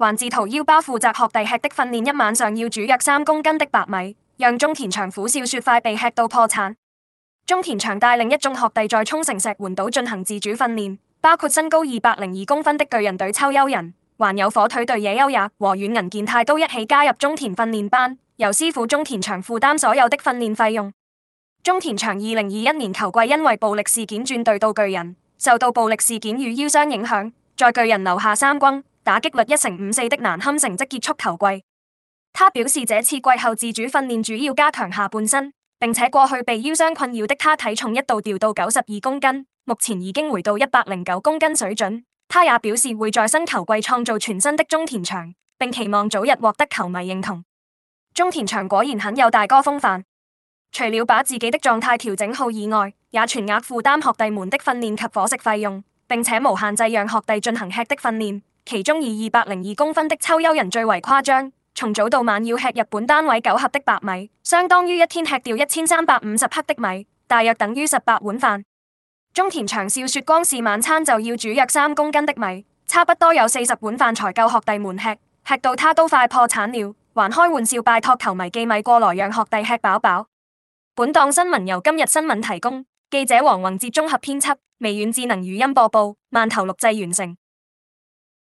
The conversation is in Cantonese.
還自掏腰包負責學弟吃的訓練，一晚上要煮約三公斤的白米，讓中田翔苦笑說快被吃到破產。中田翔帶領一眾學弟在沖繩石垣島進行自主訓練，包括身高二百零二公分的巨人隊秋優人，還有火腿隊野優也和軟銀健太都一起加入中田訓練班，由師傅中田翔負擔所有的訓練費用。中田翔二零二一年球季因為暴力事件轉隊到巨人，受到暴力事件與腰傷影響，在巨人留下三軍。打擊率一成五四的難堪成績結束球季，他表示這次季後自主訓練主要加強下半身，並且過去被腰傷困擾的他體重一度掉到九十二公斤，目前已經回到一百零九公斤水準。他也表示會在新球季創造全新的中田翔，並期望早日獲得球迷認同。中田翔果然很有大哥風範，除了把自己的狀態調整好以外，也全額負擔學弟們的訓練及伙食費用，並且無限制讓學弟進行吃的訓練。其中以二百零二公分的秋幽人最為誇張，從早到晚要吃日本單位九合的白米，相當於一天吃掉一千三百五十克的米，大約等於十八碗飯。中田翔笑說，光是晚餐就要煮約三公斤的米，差不多有四十碗飯才夠學弟們吃，吃到他都快破產了，還開玩笑拜託球迷寄米過來讓學弟吃飽飽。本檔新聞由今日新聞提供，記者王宏哲綜,綜合編輯，微軟智能語音播報，饅頭錄製完成。